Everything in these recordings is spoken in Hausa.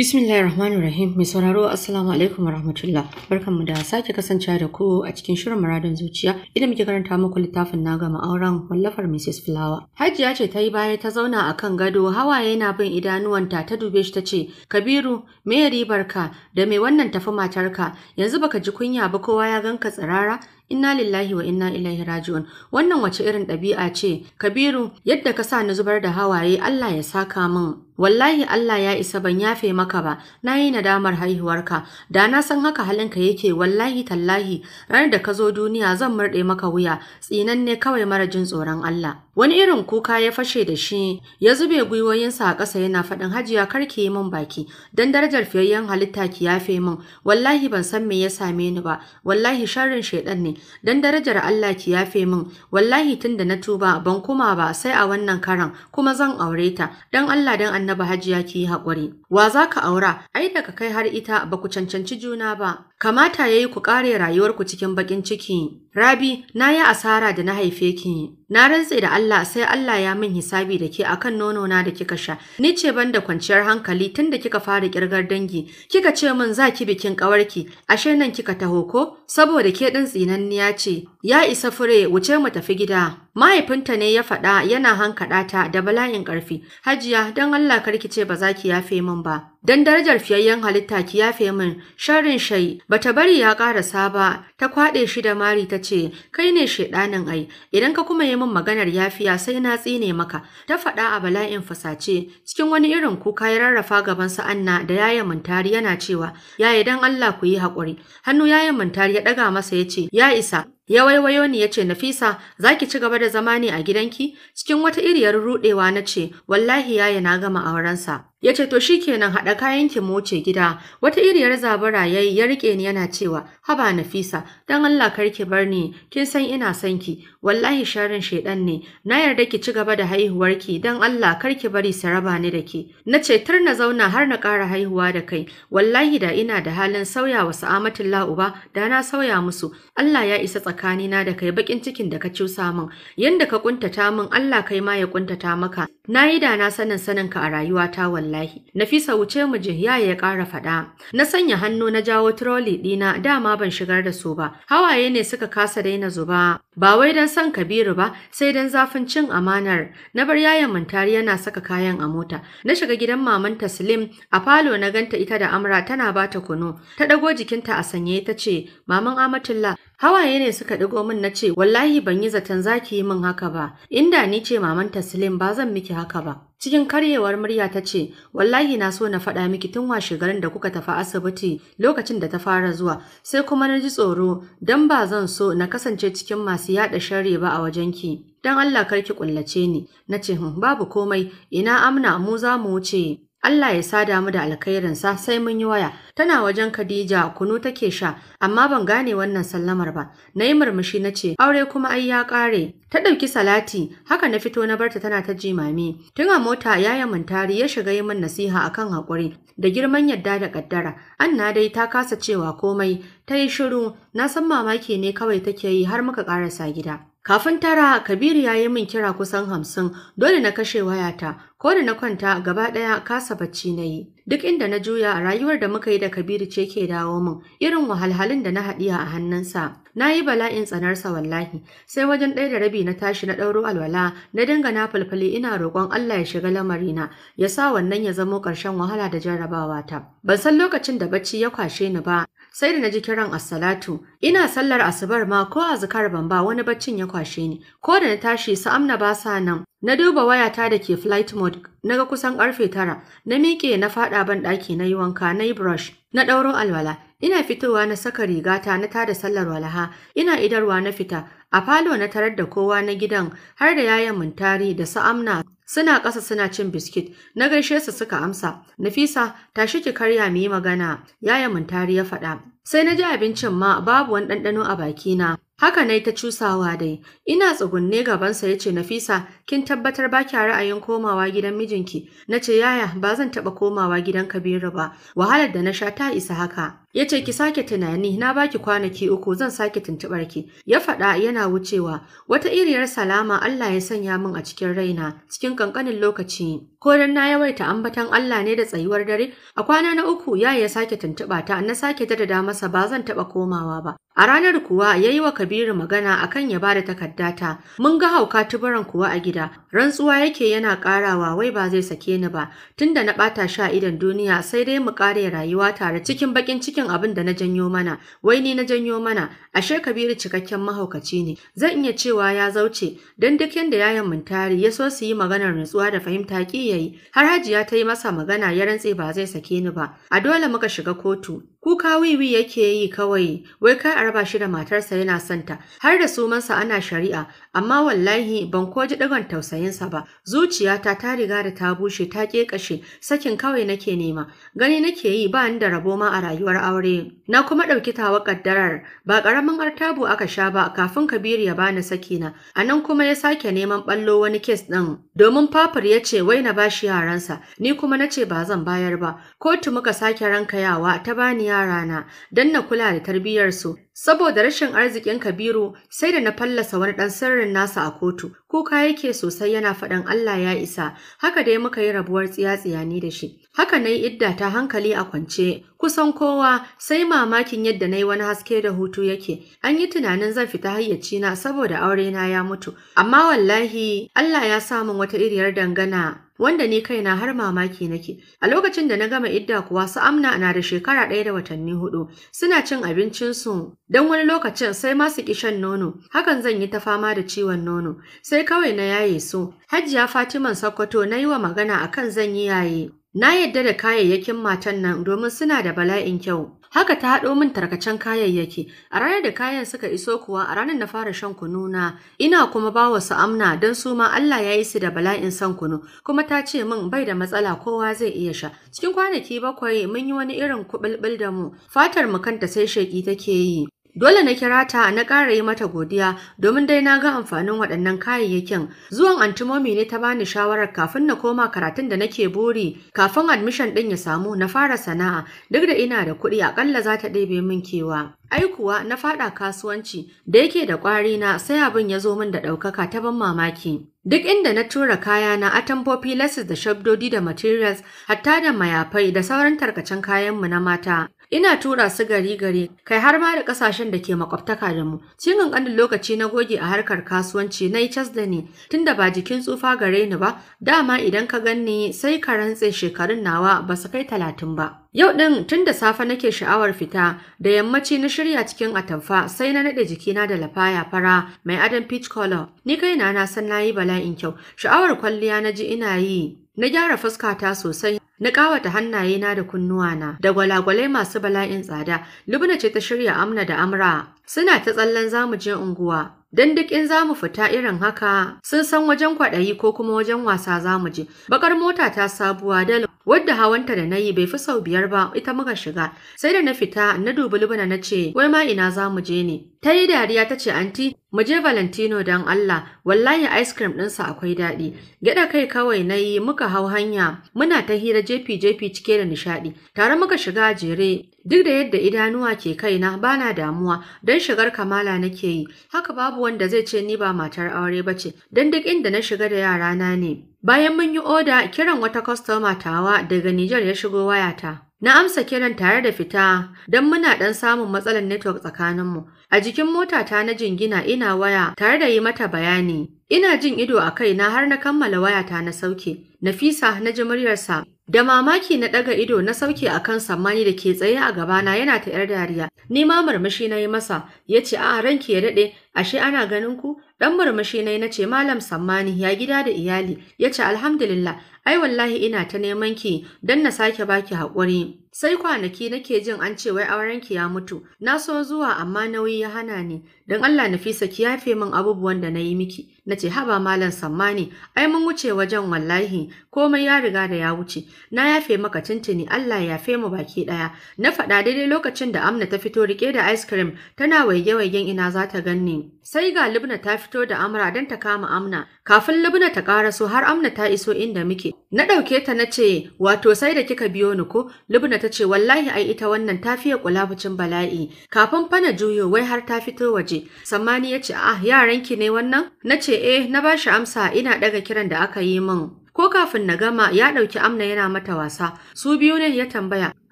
Bismillahirrahmanirrahim mai sauraro assalamu alaikum warahmatullah barkanmu da sake kasancewa da ku a cikin shirin muradin zuciya idan muke karanta muku littafin na gama auren wallafar Mrs. Flower. Hajiya ce ta yi baya ta zauna a kan gado Hawa yana bin idanuwanta ta dube shi ta ce Kabiru me ribar ka da me wannan tafi matarka yanzu baka ji kunya ba kowa ya ganka tsirara inna lillahi wa inna ilaihi raji'un wannan wace irin ɗabi'a ce kabiru yadda ka sa ni zubar da hawaye Allah ya saka min wallahi Allah ya isa ban yafe maka ba na yi nadamar haihuwarka da na san haka halinka yake wallahi tallahi ranar da ka zo duniya zan murɗe maka wuya Tsinan ne kawai mara jin tsoron Allah Wani irin kuka ya fashe da shi ya zube gwiwoyinsa a ƙasa yana faɗin hajiya kar ki yi min baki don darajar fiyayyen halitta ki yafe min wallahi ban san me ya same ni ba wallahi sharrin shaidan ne don darajar Allah ki yafe min wallahi tun da na tuba ban kuma ba sai a wannan karan kuma zan aure ta don Allah don annaba hajiya ki yi haƙuri. Wa za ka aura ai daga kai har ita ba ku cancanci juna ba. Kamata ya yi ku kare rayuwarku cikin baƙin ciki. Rabi, na yi asara da na haife ki. Na rantse da Allah sai Allah ya min hisabi da ke akan nono na da kika sha. Ni ce ban da kwanciyar hankali tun da kika fara kirgar dangi. Kika ce min za ki bikin ƙawarki, ashe nan kika taho ko? Saboda ke ɗin tsinanniya ce. Ya isa fure, wuce mu tafi gida. mahaifinta ne ya faɗa yana hankaɗa ta da bala'in ƙarfi hajiya don Allah karki ce ba za ki yafe min ba don darajar fiyayyen halitta ki yafe min sharrin shayi bata bari ya ƙarasa ba ta kwaɗe shi da mari ta ce kai ne shaiɗanin ai idan ka kuma yi min maganar yafiya sai na tsine maka ta faɗa a bala'in fasace cikin wani irin kuka ya rarrafa gaban sa Anna da yayin muntari yana cewa yaya don Allah ku yi haƙuri hannu yayin muntari ya ɗaga masa ya ce ya isa Ya waiwayo ni ya ce, Nafisa, za ki ci gaba da zama ne a gidanki? Cikin wata iriyar rudewa na ce, wallahi yaya na gama aurensa. Ya ce, to shi kenan haɗa kayan ki wuce gida. Wata iriyar zabara ya yi ya riƙe ni yana cewa, haba Nafisa, don Allah kar ki bar ni, kin san ina son ki, wallahi sharin shaiɗan ne, na yarda ki ci gaba da haihuwar ki, don Allah kar ki bari su raba ni da ke. Na ce, tar na zauna har na ƙara haihuwa da kai, wallahi da ina da halin sauya wa sa'amatin la'uba da na sauya musu, Allah ya isa tsakanin tsakanina da kai bakin cikin da ka cusa min yanda ka kuntata min Allah kai ma ya kuntata maka nayi da na sanin sanin ka a rayuwa ta wallahi Nafisa wuce mu je ya ƙara faɗa na sanya hannu na jawo trolley dina, dama ban shigar da su ba hawaye ne suka kasa daina zuba ba wai dan san Kabiru ba sai dan zafin cin amanar na bar yayan mantari yana saka kayan a mota na shiga gidan maman Taslim a falo na ganta ita da Amra tana bata kunu ta dago jikinta a sanye ta ce maman Amatullah hawaye ne suka suka ɗigo min na ce wallahi ban yi zaton za ki yi min haka ba inda ni ce maman taslim ba zan miki haka ba cikin karyewar murya ta ce wallahi na so na faɗa miki tun washe garin da kuka tafi asibiti lokacin da ta fara zuwa sai kuma na ji tsoro don ba zan so na kasance cikin masu yaɗa sharri ba a wajen ki, don Allah kar ki kullace ni na ce hmm, babu komai ina amna mu za mu wuce Allah ya sada mu da alkhairinsa sai mun yi waya. Tana wajen Khadija kunu take sha, amma ban gane wannan sallamar ba. Na yi murmushi na ce, aure kuma ai ya ƙare. Ta ɗauki salati, haka na fito na barta tana ta jimami. Tun a mota yaya mintari ya shiga yi min nasiha a kan haƙuri da girman yadda da ƙaddara. Anna dai ta kasa cewa komai, ta yi shiru, na san mamaki ne kawai take yi har muka ƙarasa gida. Kafin tara, Kabiru ya yi min kira kusan hamsin, dole na kashe wayata, ko da na kwanta gaba ɗaya kasa bacci na yi. Duk inda na juya rayuwar da muka yi da Kabiru ce ke dawo min, irin wahalhalun da na haɗiya a hannunsa. Na yi bala'in tsanarsa wallahi, sai wajen ɗaya da rabi na tashi na ɗauro alwala, na dinga na falfali ina roƙon Allah ya shiga lamarina, ya sa wannan ya zamo ƙarshen wahala da jarrabawa ta. Ban san lokacin da bacci ya kwashe ni ba, sai da na ji kiran assalatu ina sallar asubar ma ko azkar ban ba wani baccin ya kwashe ni ko da na tashi su amna ba sa nan na duba wayata da ke flight mode na ga kusan karfe tara na miƙe na faɗa ban ɗaki na yi wanka na yi brush na ɗauro alwala ina fitowa na saka rigata na tada sallar walaha ina idarwa na fita a falo na tarar da kowa na gidan har da yayan muntari da su amna Suna ƙasa suna cin biskit, na gaishe su suka amsa, Nafisa, tashi ki karya mu yi magana, yaya Muntari ya faɗa. Sai na ji abincin ma babu wani ɗanɗano a bakina, Haka nai ta cusawa dai, ina tsugunne gabansa ya ce Nafisa, kin tabbatar ba kya ra'ayin komawa gidan mijinki, na ce yaya ba zan taɓa komawa gidan Kabiru ba, wahalar da na sha ta isa haka. Ya ce ki sake tunani na baki kwanaki uku zan sake tuntuɓar ki, ya faɗa yana wucewa, wata iriyar salama Allah ya sanya min a cikin raina cikin ƙanƙanin lokaci. Ko dan na yawaita ambatan Allah ne da tsayuwar dare, a kwana na uku yaya ya sake tuntuɓa ta na sake dada masa ba zan taɓa komawa ba. A ranar kuwa ya yi wa Kabiru magana akan ya ba da ta. Mun ga hauka tuburan kuwa a gida, Rantsuwa yake yana ƙarawa wai ba zai sake ni ba, tunda na ɓata sha idon duniya sai dai mu ƙare rayuwa tare cikin baƙin cikin abin da na janyo mana, wai ni na janyo mana, ashe Kabiru cikakken mahaukaci ne. Zan iya cewa ya zauce, don duk yanda yayan Muntari ya so su yi maganar rantsuwa da fahimta ki yayi, har Hajiya ta yi masa magana ya rantse ba zai sake ni ba. A dole muka shiga kotu. Kuka wiwi yake yi kawai, wai kai a raba shi da matarsa yana santa, har da sumansa ana shari'a, amma wallahi ban koji ɗagon tausayi tausayinsa ba zuciyata ta riga da ta bushe ta ƙeƙashe sakin kawai nake nema gani nake yi ba ni da rabo ma a rayuwar aure na kuma ɗauki tawa ƙaddarar ba ƙaramin artabu aka sha ba kafin kabiru ya bani sakina a nan kuma ya sake neman ɓallo wani kes ɗin domin fafur ya ce wai na bashi yaransa ni kuma na ce ba zan bayar ba kotu muka sake rankayawa ta bani yarana Dan na kula da tarbiyyarsu Saboda rashin arzikin Kabiru, sai da na fallasa wani ɗan sirrin nasa a kotu, kuka yake sosai yana faɗin Allah ya isa, haka dai muka yi rabuwar tsiyatsiya ni da shi. Haka na yi idda ta hankali a kwance, kusan kowa sai mamakin yadda na yi wani haske da hutu yake. An yi tunanin zan fita hayyacina saboda aurena ya mutu. Amma wallahi Allah ya samun wata iriyar dangana wanda ni kaina har mamaki nake. A lokacin da na gama idda kuwa su amna na da shekara ɗaya da watanni hudu, suna cin abincinsu don wani lokacin sai ma su shan nono, hakan zan yi ta fama da ciwon nono, sai kawai na yaye su. Hajiya Fatiman Sokoto na yi wa magana akan zan yi yaye, Na yadda da kayayyakin matan nan domin suna da bala'in kyau. Haka ta haɗo min tarkacen kayayyaki. A ranar da kayan suka iso kuwa a ranar na fara shan kunu na ina kuma ba wa su amna don su ma Allah ya yi su da bala'in son kunu kuma ta ce min bai da matsala kowa zai iya sha. Cikin kwanaki bakwai mun yi wani irin kuɓulɓul da mu fatar mu kanta sai sheƙi take yi. Dole na kira ta na ƙara yi mata godiya domin dai na ga amfanin waɗannan kayayyakin. Zuwan antimomi ne ta bani shawarar kafin na koma karatun da nake buri, kafin admission ɗin ya samu na fara sana'a duk da ina da kuɗi aƙalla za ta ɗebe min kewa. Ai kuwa na faɗa kasuwanci da yake da ƙwari na sai abin ya zo min da ɗaukaka ta ban mamaki. Duk inda na tura kayana atamfofi lasis da shabdodi da materials hatta da mayafai da sauran tarkacen kayanmu na mata Ina tura su gari gari, kai har ma da ƙasashen da ke makwabtaka da mu. Cikin ƙanin lokaci na goge a harkar kasuwanci na yi cas da ni, tunda ba jikin tsufa gare ni ba, dama idan ka ganni sai ka rantse shekarun nawa ba su kai talatin ba. Yau ɗin tunda safa safe nake sha'awar fita da yammaci na shirya cikin atamfa sai na naɗe jikina da lafaya fara mai Adam peach color. Ni kaina na san nayi bala'in kyau, sha'awar kwalliya na ji ina yi. Na gyara fuskata sosai Na ƙawata hannayena da kunnuwana da gwalagwalai masu bala'in tsada, Lubna ce ta shirya amna da amra suna ta tsallan zamu je unguwa. Dan duk in zamu fita irin haka sun san wajen kwaɗayi ko kuma wajen wasa zamu je. Bakar mota ta sabuwa da wadda hawanta da nayi bai fi sau biyar ba ita muka shiga. Sai da na fita na dubi Lubna na ce wai ma ina zamu je ne. Ta yi dariya ta ce anti Mu je Valentino don Allah, wallahi ice cream ɗinsa akwai daɗi. Gyaɗa kai kawai na yi muka hau hanya, muna ta hira jefi-jefi cike da nishaɗi. Tare muka shiga jere, duk da yadda idanuwa ke kaina bana damuwa don shigar kamala nake yi. Haka babu wanda zai ce ni ba matar aure ba ce, don duk inda na shiga da yarana ne. Bayan mun yi oda, kiran wata kwastoma tawa daga Nijar ya shigo wayata. Na amsa kiran tare da fita don muna ɗan samun matsalar network tsakaninmu. A jikin motata na jingina ina waya tare da yi mata bayani. Ina jin ido a kaina har na kammala wayata na sauke. Nafisa na ji muryarsa. Da mamaki na ɗaga ido na sauke a kan sammani da ke tsaye a gabana yana ta ‘yar dariya. Ni ma murmushi na yi masa, ya ce a ranki ya daɗe, ashe ana ganin ku? Ɗan murmushi na yi na ce Malam Sammani ya gida da iyali, ya ce alhamdulillah ai wallahi ina ta neman ki don na sake baki haƙuri. Sai kwanaki nake jin an ce wai aurenki ya mutu, na so zuwa amma nauyi ya hana ni, don Allah Nafisa ki yafe min abubuwan da na yi miki. Na ce haba malam sammani, ai mun wuce wajen wallahi, komai ya riga da ya wuce, na yafe maka tuntuni. Allah ya fe mu baki ɗaya. Na faɗa daidai lokacin da Amna ta fito rike da ice cream tana waige-waigen ina za ta ganni. Sai ga Lubna ta fito da Amra dan ta kama Amna, kafin Lubna ta so, har Amna ta iso inda muke. Na ɗauke ta na ce, wato sai da kika biyo ni ko? Lubna ta ce wallahi ai ita wannan ta fiye kulabucin bala'i. Kafin fana juyo wai har ta fito waje. Sammani ya ce, ah yaranki ne wannan? Na ce ce eh na ba shi amsa ina daga kiran da aka yi min. Ko kafin na gama ya ɗauki amna yana mata wasa, su biyu ne ya tambaya.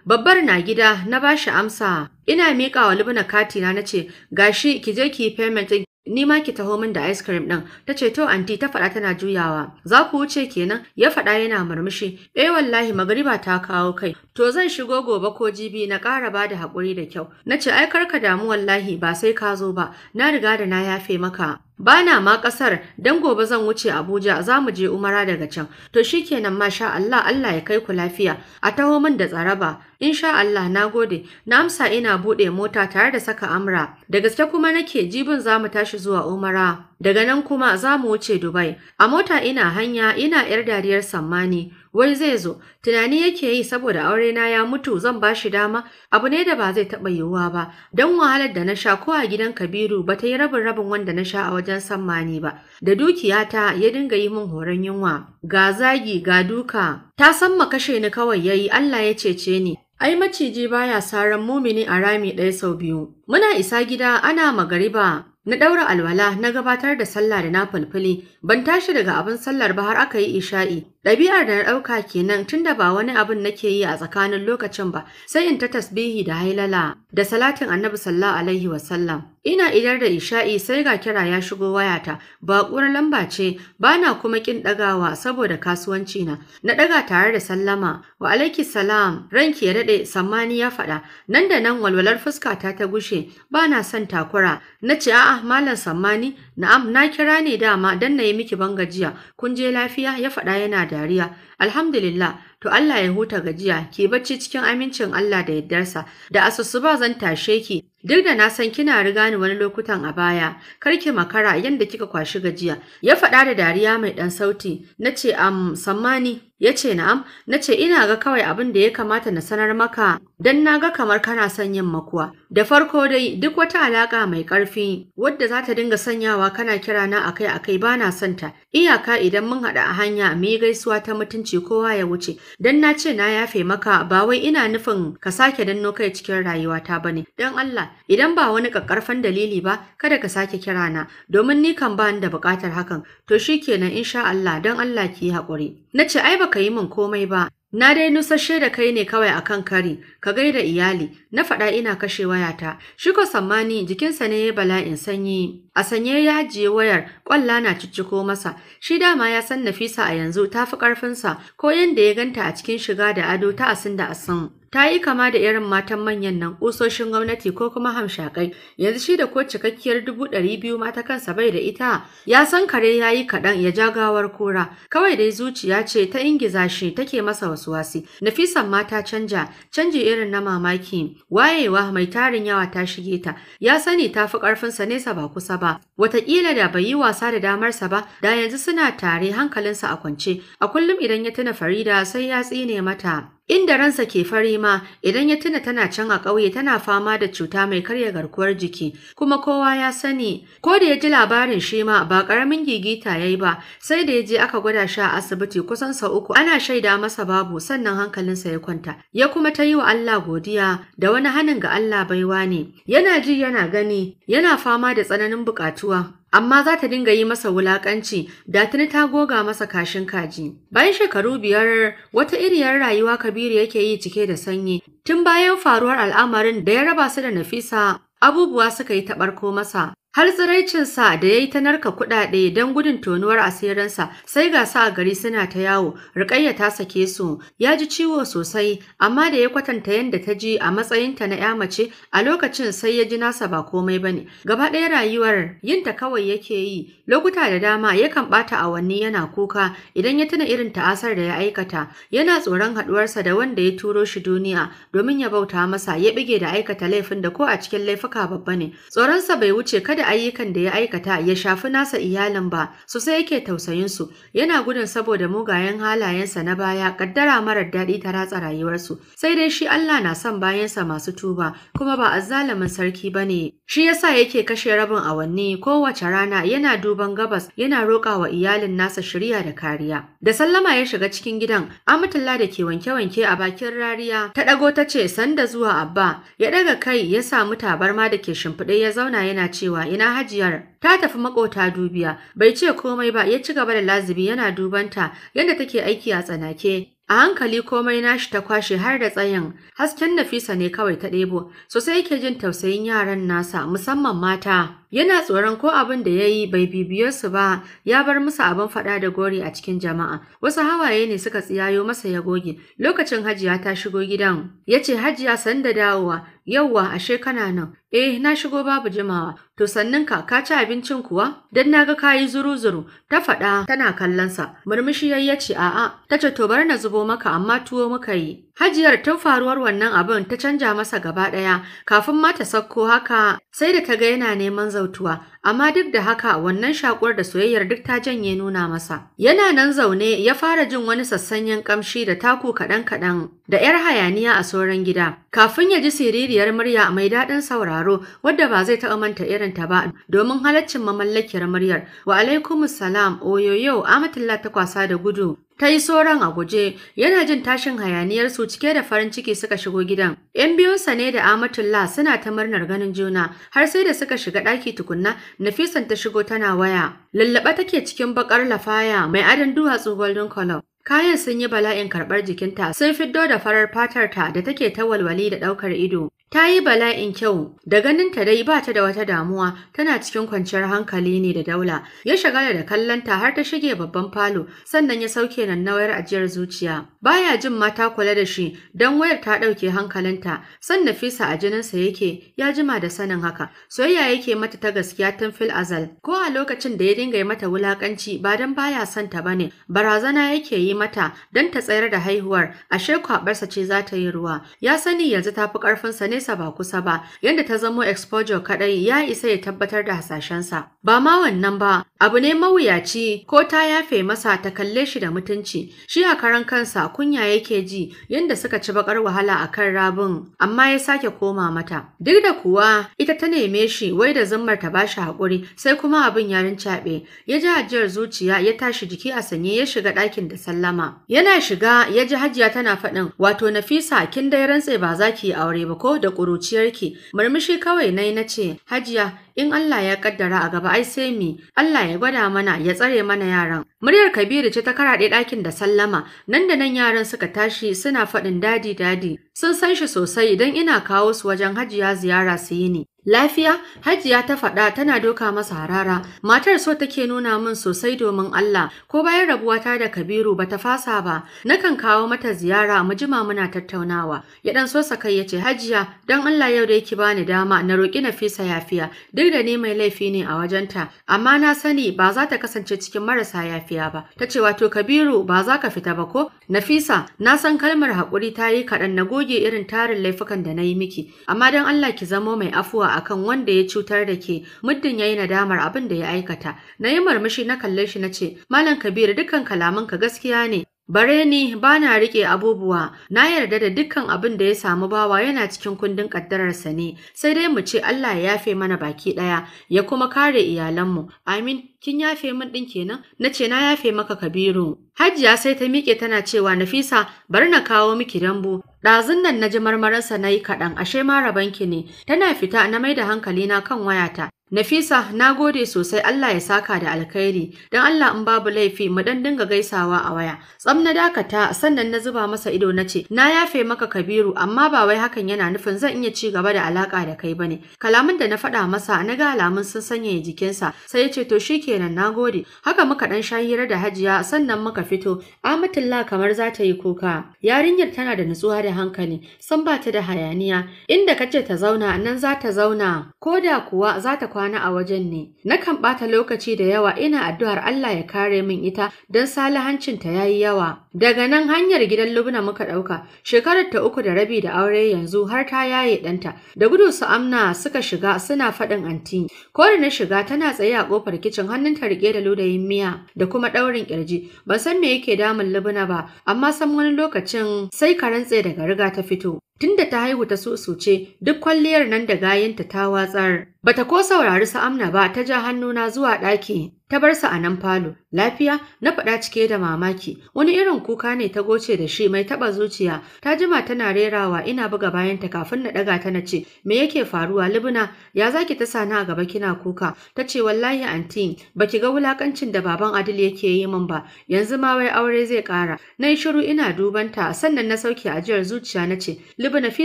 Babbar na gida na ba shi amsa ina miƙa wa Libna katina na ce gashi ki je ki yi payment ni ma ki taho min da ice cream ɗin ta ce to anti ta faɗa tana juyawa za ku wuce kenan ya faɗa yana murmushi eh wallahi magariba ta kawo kai to zan shigo gobe ko jibi na ƙara ba da haƙuri da kyau na ce ai karka damu wallahi ba sai ka zo ba na riga da na yafe maka Bana ma ƙasar don gobe zan wuce Abuja za mu je Umara daga can. To shi kenan masha Allah Allah ya kai ku lafiya. A taho min da tsaraba. in sha Allah na gode. Na amsa ina bude mota tare da saka amra. Da gaske kuma nake jibin za mu tashi zuwa Umara. Daga nan kuma za mu wuce Dubai. A mota ina hanya ina ‘yar dariyar sammani, wai zai zo, tunani yake yi saboda aure na ya mutu zan ba shi dama, abu ne da ba zai taɓa yiwuwa ba, don wahalar da na sha ko a gidan Kabiru ba ta yi rabin rabin wanda na sha a wajen sammani ba. Da dukiyata ya dinga yi min horon yunwa, ga zagi ga duka, ta san kashe ni kawai yayi Allah ya cece ni, Ai maciji baya saran mumini a rami ɗaya sau biyu. Muna isa gida ana magariba Na ɗaura alwala na gabatar da sallah da na fulfuli ban tashi daga abin sallar ba har aka yi isha'i. Ɗabi'ar da na ɗauka kenan tunda ba wani abin nake yi a tsakanin lokacin ba sai in ta tasbihi da hailala da salatin annabi sallallahu alaihi wasallam. Ina idar da isha'i sai ga kira ya shigo wayata, baƙuwar lamba ce, bana kuma ƙin ɗagawa saboda kasuwanci na. Na ɗaga tare da sallama, wa alaiki salam, ranki ya daɗe, sammani ya faɗa, nan da nan walwalar fuska ta ta gushe, ba na son takura. Na ce a'a malam sammani, na'am na kira ne dama don na yi miki ban gajiya, kun je lafiya ya faɗa yana dariya. Alhamdulillah, to Allah ya huta gajiya, ki bacci cikin amincin Allah da yaddarsa da asusu ba zan tashe ki, duk da na san kina riga ni wani lokutan a baya, kar ki makara yadda kika kwashi gajiya. Ya faɗa da dariya mai ɗan sauti, na ce am sammani Ya ce na'am, na ce ina ga kawai abin da ya kamata na sanar maka don na ga kamar kana son yin makuwa. Da farko dai duk wata alaƙa mai ƙarfi wadda za ta dinga sanyawa kana kira na akai akai ba na son ta. Iyaka idan mun haɗa a hanya mu gaisuwa ta mutunci kowa ya wuce. Don na ce na yafe maka ba wai ina nufin ka sake danno kai cikin rayuwata ba ne. Don Allah idan ba wani ƙaƙƙarfan dalili ba kada ka sake kira na domin ni kan ba ni da buƙatar hakan. To shikenan insha Allah don Allah ki yi haƙuri. Na ce ai baka yi min komai ba, na dai nusashe da kai ne kawai a kan kari, ka gaida iyali, na faɗa ina kashe wayata. Shi ko sammani jikinsa ne ya bala'in sanyi. A sanye ya ajiye wayar, ƙwalla na cicciko masa. Shi dama ya san Nafisa a yanzu ta fi ƙarfinsa, ko yanda ya ganta a cikin shiga da ado ta asin da asin. ta yi kama da irin matan manyan nan ƙusoshin gwamnati ko kuma hamshakai yanzu shi da ko cikakkiyar dubu ɗari biyu mata kansa bai da ita ya san kare ya yi kaɗan ya ja gawar kora. kawai dai zuciya ce ta ingiza shi take masa wasu wasi. nafisan mata canja canji irin na mamaki wayewa mai tarin yawa ta shige ta ya sani ta fi ƙarfinsa nesa ba kusa ba wataƙila da bai yi wasa da damarsa ba da yanzu suna tare hankalinsa a kwance a kullum idan ya tuna farida sai ya tsine mata Inda ransa ke fari ma idan ya tuna tana can a ƙauye tana fama da cuta mai karya garkuwar jiki kuma kowa ya sani ko da ya ji labarin shi ma ba ƙaramin gigita ya yi ba sai da ya je aka gwada shi a asibiti kusan sau uku ana shaida masa babu sannan hankalinsa ya kwanta ya kuma ta yi wa Allah godiya da wani hanin ga Allah baiwa ne yana ji yana gani yana fama da tsananin buƙatuwa amma za ta dinga yi masa wulaƙanci, da tuni ta goga masa kashin kaji. Bayan shekaru biyar wata iriyar rayuwa Kabiru yake yi cike da sanyi tun bayan faruwar al'amarin da ya raba su da Nafisa abubuwa suka yi taɓarko masa Har tsiraicinsa da ya yi ta narka kuɗaɗe don gudun tonuwar asirinsa sai ga sa a gari suna ta yawo, Rukayya ta sake su, ya ji ciwo sosai, amma da ya kwatanta yadda ta ji a matsayinta na ‘ya mace a lokacin sai ya ji nasa ba komai ba ne. Gaba ɗaya rayuwar yinta kawai yake yi, lokuta da dama yakan ɓata awanni yana kuka idan ya tuna irin ta'asar da ya aikata, yana tsoron haɗuwarsa da wanda ya turo shi duniya domin ya bauta masa ya bige da aikata laifin da ko a cikin laifuka babba ne. Tsoronsa bai wuce kada da ayyukan da ya aikata ya shafi nasa iyalin ba sosai yake tausayinsu yana gudun saboda mugayen halayensa na baya kaddara marar daɗi ta ratsa rayuwarsu sai dai shi Allah na son bayansa masu tuba kuma ba azzalumin sarki ba ne shi yasa yake kashe rabin awanni kowace rana yana duban gabas yana roƙa wa iyalin nasa shirya da kariya da sallama ya shiga cikin gidan amatullah da ke wanke-wanke a bakin rariya ta ɗago ta ce sanda zuwa abba ya ɗaga kai ya samu tabarma da ke shimfiɗe ya zauna yana cewa ina hajiyar ta tafi makota dubiya bai ce komai ba ya ci gaba da lazibi yana dubanta yadda take aiki a tsanake A hankali komai nashi ta kwashe har da tsayin, hasken Nafisa ne kawai ta ɗebo, sosai yake jin tausayin yaran nasa musamman mata. yana tsoron ko abin da ya yi bai bibiyo su ba ya bar musu abin faɗa da gori a cikin jama'a wasu hawaye ne suka tsiyayo masa ya goge lokacin hajiya ta shigo gidan ya ce hajiya san da dawowa yauwa ashe kana nan eh na shigo babu jimawa to sannin ka ka ci abincin kuwa dan naga kayi zuru zuru ta faɗa tana kallonsa. sa murmushi yayi ya ce a'a tace to bar na zubo maka amma tuwo muka yi Hajiyar tun faruwar wannan abin ta canja masa gaba ɗaya kafin ma ta sakko haka sai da ta ga yana neman zautuwa amma duk da haka wannan shakuwar da soyayyar duk ta janye nuna masa. Yana nan zaune ya fara jin wani sassanyen kamshi da taku kaɗan-kaɗan da ‘yar hayaniya a sauran gida. Kafin ya ji siririyar murya mai daɗin sauraro wadda ba zai taɓa manta irin ta ba domin halaccin mamallakiyar muryar. Wa alaikumus salam oyoyo Amatulla ta kwasa da gudu ta yi sauran a guje yana jin tashin hayaniyarsu cike da farin ciki suka shigo gidan yan biyunsa ne da amatullah suna ta murnar ganin juna har sai da suka shiga ɗaki tukunna Nafisan ta shigo tana waya. Lallaɓa take cikin bakar lafaya mai adon duwatsu golden color. Kayan sun yi bala'in karɓar jikinta sun fiddo da farar fatar ta da take ta walwali da ɗaukar ido. Ta yi bala'in kyau, da ganin ta dai ba ta da wata damuwa, tana cikin kwanciyar hankali ne da daula. Ya shagala da kallonta har ta shige babban falo, sannan ya sauke nan na ajiyar zuciya. Baya jin mata kula da shi, don wayar ta ɗauke hankalinta, san Nafisa a jininsa yake, ya jima da sanin haka. Soyayya yake mata ta gaskiya tun fil azal, ko a lokacin da ya dinga yi mata wulakanci ba don baya son ta bane, barazana yake yi mata don ta tsayar da haihuwar, ashe kwabarsa ce za ta yi ruwa. Ya sani yanzu ta fi ƙarfinsa ne nesa ba kusa ba yadda ta zamo exposure kadai ya isa ya tabbatar da hasashensa ba ma wannan ba abu ne mawuyaci ko ta yafe masa ta kalle shi da mutunci shi a karan kansa kunya yake ji yadda suka ci bakar wahala a kan rabin amma ya sake koma mata duk da kuwa ita ta neme shi wai da zummar ta ba shi haƙuri sai kuma abin ya rincaɓe ya ji ajiyar zuciya ya tashi jiki a sanye ya shiga ɗakin da sallama yana shiga ya ji hajiya tana faɗin wato nafisa kin dai rantse ba za yi aure ba ko da da ƙuruciyarki murmushi kawai nai na ce hajiya in Allah ya kaddara a gaba ai sai mi Allah ya gwada mana ya tsare mana yaran muryar Kabiru ce ta karaɗe ɗakin da sallama nan da nan yaran suka tashi suna faɗin dadi dadi sun san shi sosai idan ina kawo su wajen hajiya ziyara su yi ni Lafiya, Hajiya ta faɗa tana doka masa harara. Matar so take nuna min sosai domin Allah, ko bayan rabuwata da Kabiru bata fasa ba, nakan kawo mata ziyara mu jima muna tattaunawa. Ya dan so sakai yace Hajiya, dan Allah yau da yake bani dama na roki Nafisa yafiya, duk da ni mai laifi ne a wajenta, amma na sani ba za ta kasance cikin marasa yafiya ba. tace wato Kabiru ba za ka fita ba ko? Nafisa, na san kalmar hakuri ta yi kaɗan na goge irin tarin laifukan da nayi miki, amma dan Allah ki zamo mai afuwa akan wanda ya cutar da ke muddin yayi nadamar abin da ya aikata na yi murmushi na kalle shi na ce malam kabiru dukkan kalamanka gaskiya ne Bare ni ba na riƙe abubuwa, na yarda da dukkan abin da ya samu bawa yana cikin kundin ƙaddararsa ne, sai dai mu ce Allah ya yafe mana baki ɗaya, ya kuma kare iyalanmu. Amin, kin yafe min ɗin kenan? Na ce na yafe maka Kabiru. Hajiya sai ta miƙe tana cewa Nafisa bari na kawo miki dambu. Ɗazun nan na ji marmarinsa na yi kaɗan ashe ma rabanki ne, tana fita na mai da hankali na kan wayata, Nafisa, na gode sosai Allah ya saka da alkhairi, don Allah in babu laifi mu dan dinga gaisawa a waya. Tsam na dakata sannan na zuba masa ido na ce, na yafe maka Kabiru amma ba wai hakan yana nufin zan iya ci gaba da alaka da kai bane. Kalamin da na faɗa masa na ga alamun sun sanyaya jikinsa, sai ya ce to shi kenan na gode. Haka muka ɗan sha hira da Hajiya sannan muka fito. Amatullah kamar za ta yi kuka. Yarinyar tana da nutsuwa da hankali, san ba ta da hayaniya. Inda kace ta zauna nan za ta zauna, ko da kuwa za ta kwana a wajen ne. Nakan ɓata lokaci da yawa ina addu'ar Allah ya kare min ita don salahancinta ya yi yawa. Daga nan hanyar gidan Lubna muka ɗauka, shekarar ta uku da rabi da aure yanzu har ta yaye ɗanta. Da gudu su amna suka shiga suna faɗin anti. Ko na shiga tana tsaye a ƙofar kicin ta riƙe da ludayin miya da kuma ɗaurin ƙirji. Ban san me yake damun Lubna ba, amma san wani lokacin sai ka rantse daga riga ta fito. Tunda ta haihu ta susuce duk kwalliyar nan da gayanta ta watsar. Bata ko saurari su amna ba ta ja hannuna zuwa ɗaki Ta bar sa a nan falo, lafiya na faɗa cike da mamaki, wani irin kuka ne ta goce da shi mai taɓa zuciya, ta jima tana rerawa ina buga bayanta kafin na ɗaga ta na ce, me yake faruwa Libna, ya zaki ta sani a gaba kina kuka, ta ce wallahi anti, baki ga wulakancin da baban Adil yake yi min ba, yanzu ma wai aure zai ƙara. Na yi shiru ina duban ta, sannan na sauke ajiyar zuciya na ce, Libna fi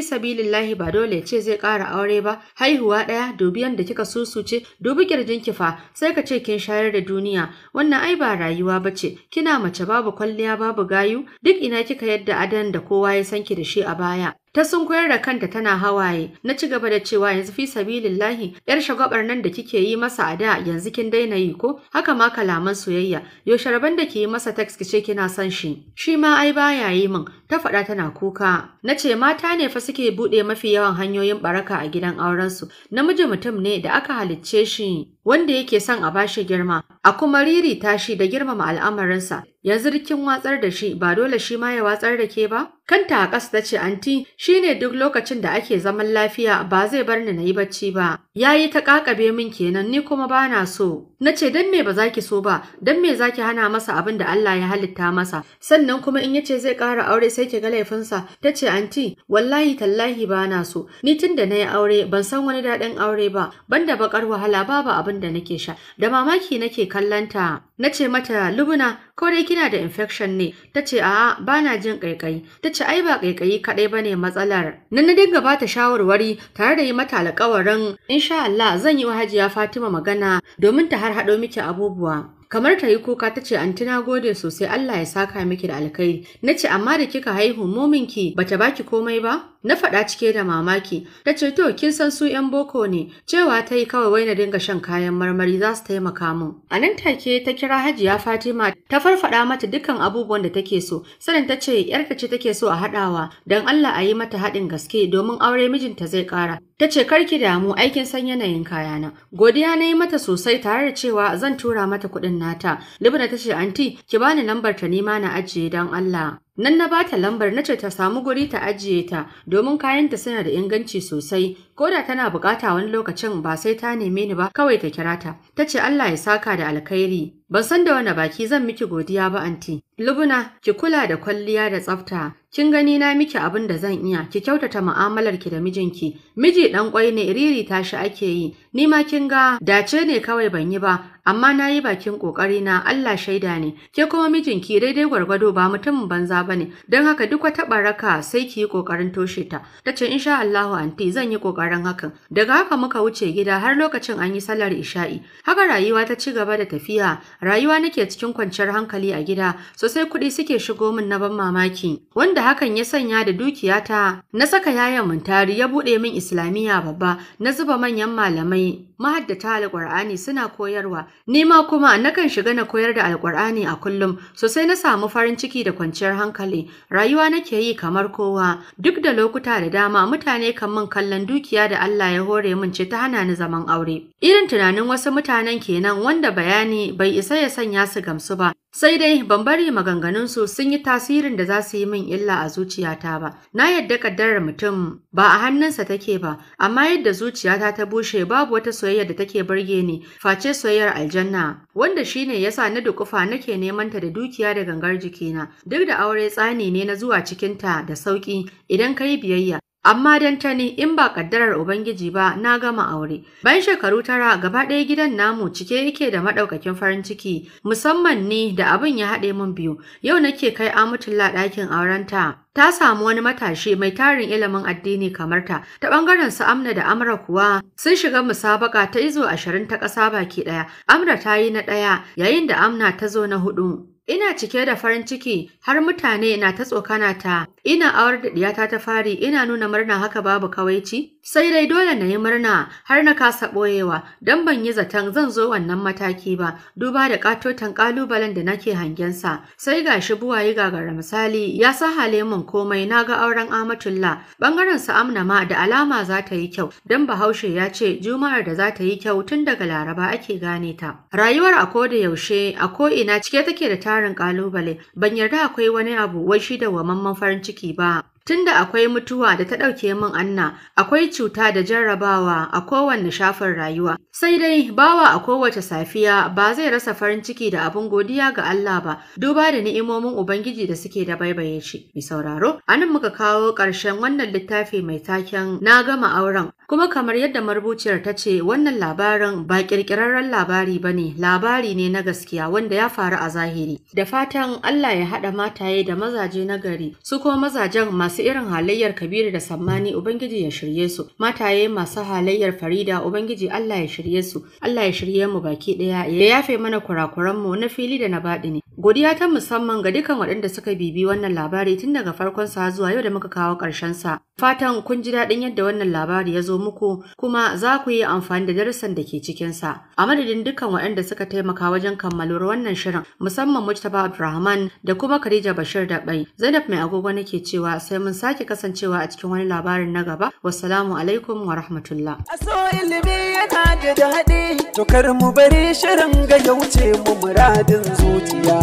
sabilillahi ba dole ce zai ƙara aure ba, haihuwa ɗaya dubi yanda kika susuce, dubi kirjin fa, sai ka ce kin shayar da duniya wannan ai ba rayuwa bace kina mace babu kwalliya babu gayu duk ina kika yadda adan da kowa ya san ki da shi a baya Ta sun sunkuyar da kanta tana hawaye, na ci gaba da cewa yanzu fi sabilillahi yar shagwabar nan da kike yi masa a da yanzu kin daina yi ko? Haka ma kalaman soyayya, "Yaushe sharaban da ke yi masa text kice kina son shi. Shi ma ai baya yi min, ta faɗa tana kuka. Na ce mata ne fa suke buɗe mafi yawan hanyoyin baraka a gidan aurensu. Namiji mutum ne da aka halicce shi wanda yake son a bashi girma, a kuma riri tashi da girmama al'amarinsa. yanzu rikin watsar da shi ba dole shi ma ya watsar da ke ba? Kanta a ƙasa ta ce anti shi ne duk lokacin da ake zaman lafiya ba zai bar ni na yi bacci ba. Ya yi ta ƙaƙabe min kenan ni kuma ba na so. Na ce don me ba za ki so ba, don me za ki hana masa abin da Allah ya halitta masa. Sannan kuma in ya ce zai kara aure sai ki ga laifinsa. Ta ce anti, wallahi tallahi ba na so. Ni tun da na yi aure ban san wani daɗin aure ba, banda baƙar wahala babu abin da nake sha. Da mamaki nake kallanta. Na ce mata Lubuna, ko dai kina da infection ne? Ta ce a'a ba jin kaikayi. Ta ce ai ba kaikayi kaɗai ba ne matsalar. Nan na dinga ba ta shawarwari tare da yi mata alƙawarin in insha Allah zan yi wa Hajiya Fatima magana domin ta har haɗo miki abubuwa. kamar ta yi kuka ta ce anti na gode sosai Allah ya saka miki da alkhairi na ce amma da kika haihu mominki bata baki komai ba Na faɗa cike da mamaki, ta ce to kin san su ‘yan boko ne, cewa ta yi kawai wai na dinga shan kayan marmari za su taimaka min. A nan take ta kira Hajiya Fatima ta farfaɗa mata dukkan abubuwan da take so, sanin ta ce ‘yarka ce take so a haɗawa, don Allah a yi mata haɗin gaske domin aure mijinta zai ƙara. Ta ce ki damu aikin san yanayin kaya na. Godiya na yi mata sosai tare da cewa zan tura mata kuɗin nata. Libna ta ce anti ki bani lambar ta nima na ajiye don Allah. Nan na bata lambar na ce ta samu guri ta ajiye ta domin kayanta suna da inganci sosai ko da tana bukata wani lokacin ba sai ta neme ni ba kawai ta kira ta. Ta ce Allah ya saka da alkhairi Ban san da wani baki zan miki godiya ba anti. Lubuna, ki kula da kwalliya da tsafta. Kin gani na miki abin da zan iya. Ki kyautata mu'amalar ki da mijinki. Miji dan kwai ne riri tashi ake yi. Ni ma kin ga dace ne kawai ban yi ba, amma na yi bakin kokari na Allah shaida ne. Ke kuma mijinki daidai gwargwado ba mutumin banza bane. Don haka duk wata baraka sai ki yi kokarin toshe ta. Tace insha Allah anti zan yi kokarin hakan. Daga haka muka wuce gida har lokacin an yi sallar isha'i. Haka rayuwa ta ci gaba da tafiya Rayuwa nake cikin kwanciyar hankali a gida, sosai kuɗi suke shigo min na ban mamaki, wanda hakan ya sanya da dukiyata na saka yayan mintari ya buɗe min Islamiyya babba, na zuba manyan malamai, mahaddata alƙur'ani suna koyarwa ni ma kuma nakan shiga na koyar da alƙur'ani a kullum sosai na samu farin ciki da kwanciyar hankali rayuwa nake yi kamar kowa duk da lokuta da dama mutane kan min kallon dukiya da Allah ya hore min ce ta hana ni zaman aure irin tunanin wasu mutanen kenan wanda bayani bai isa ya sanya su gamsu ba Sai dai ban bari maganganunsu sun yi tasirin da za su yi min illa a zuciyata ba. Na yadda ƙaddarar mutum ba a hannunsa take ba, amma yadda zuciyata ta bushe babu wata soyayya da take burge ni, face soyayyar aljanna, wanda shine yasa na dukufa nake neman ta da dukiya da gangar jikina. Duk da aure tsani ne na zuwa cikinta da sauƙi, idan ka yi biyayya, amma dan ta in ba kaddarar ubangiji ba na gama aure bayan shekaru tara gaba ɗaya gidan namu cike yake da madaukakin farin ciki musamman ni da abin ya haɗe mun biyu yau nake kai Amutulla ɗakin aurenta ta samu wani matashi mai tarin ilimin addini kamar ta ta bangaren su amna da amra kuwa sun shiga musabaka ta izo ashirin ta ƙasa baki ɗaya amra ta yi na ɗaya yayin da amna ta zo na hudu Ina cike da farin ciki har mutane na ta tsokana ta. Ina awar da ɗiyata ta fari ina nuna murna haka babu kawaici. Sai dai dole na yi murna har na kasa ɓoyewa don ban yi zaton zan zo wannan mataki ba duba da katotan ƙalubalen da nake hangensa. Sai ga shi buwayi gagara misali ya sa halemin komai na ga auren Amatulla ɓangaren sa amna ma da alama za ta yi kyau don bahaushe ya ce juma'ar da za ta yi kyau tun daga laraba ake gane ta. Rayuwar a koda yaushe a ko'ina cike take da tarin ƙalubale ban yarda akwai wani abu wai shi da mamman farin ciki ba. Tunda akwai mutuwa da ta ɗauke min Anna, akwai cuta da jarrabawa a kowanne shafin rayuwa. Sai dai bawa a kowace safiya ba zai rasa farin ciki da abin godiya ga Allah ba, duba da ni'imomin Ubangiji da suke da baibaye shi. Mi sauraro, anan muka kawo ƙarshen wannan littafi mai taken na gama auren. Kuma kamar yadda marubuciyar ta ce wannan labarin ba ƙirƙirarren labari ba ne, labari ne na gaskiya wanda ya faru a zahiri. Da fatan Allah ya haɗa mataye da mazaje na gari, su ko mazajen masu masu irin halayyar Kabiru da Sammani Ubangiji ya shirye su, mataye masu halayyar Farida Ubangiji Allah ya shirye su, Allah ya shirye mu baki ɗaya ya yafe mana kurakuranmu na fili da na baɗini, Godiya ta musamman ga dukkan waɗanda suka bibi wannan labari tun daga farkon sa zuwa yau da muka kawo ƙarshen sa. Fatan kun ji daɗin yadda wannan labari ya zo muku kuma za ku yi amfani da darussan da ke cikin sa. A madadin dukkan waɗanda suka taimaka wajen kammaluwar wannan shirin musamman Mustapha Abdulrahman da kuma Khadija Bashir da Bai. Zainab mai agogo nake cewa sai mun sake kasancewa a cikin wani labarin na gaba. Wassalamu alaikum wa rahmatullah. A so ilimi yana da daɗi, to kar mu bari shirin ga ya wuce mu muradin zuciya.